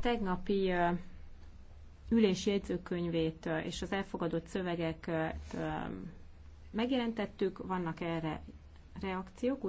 tegnapi ülés jegyzőkönyvét és az elfogadott szövegeket megjelentettük, vannak erre reakciók, úgy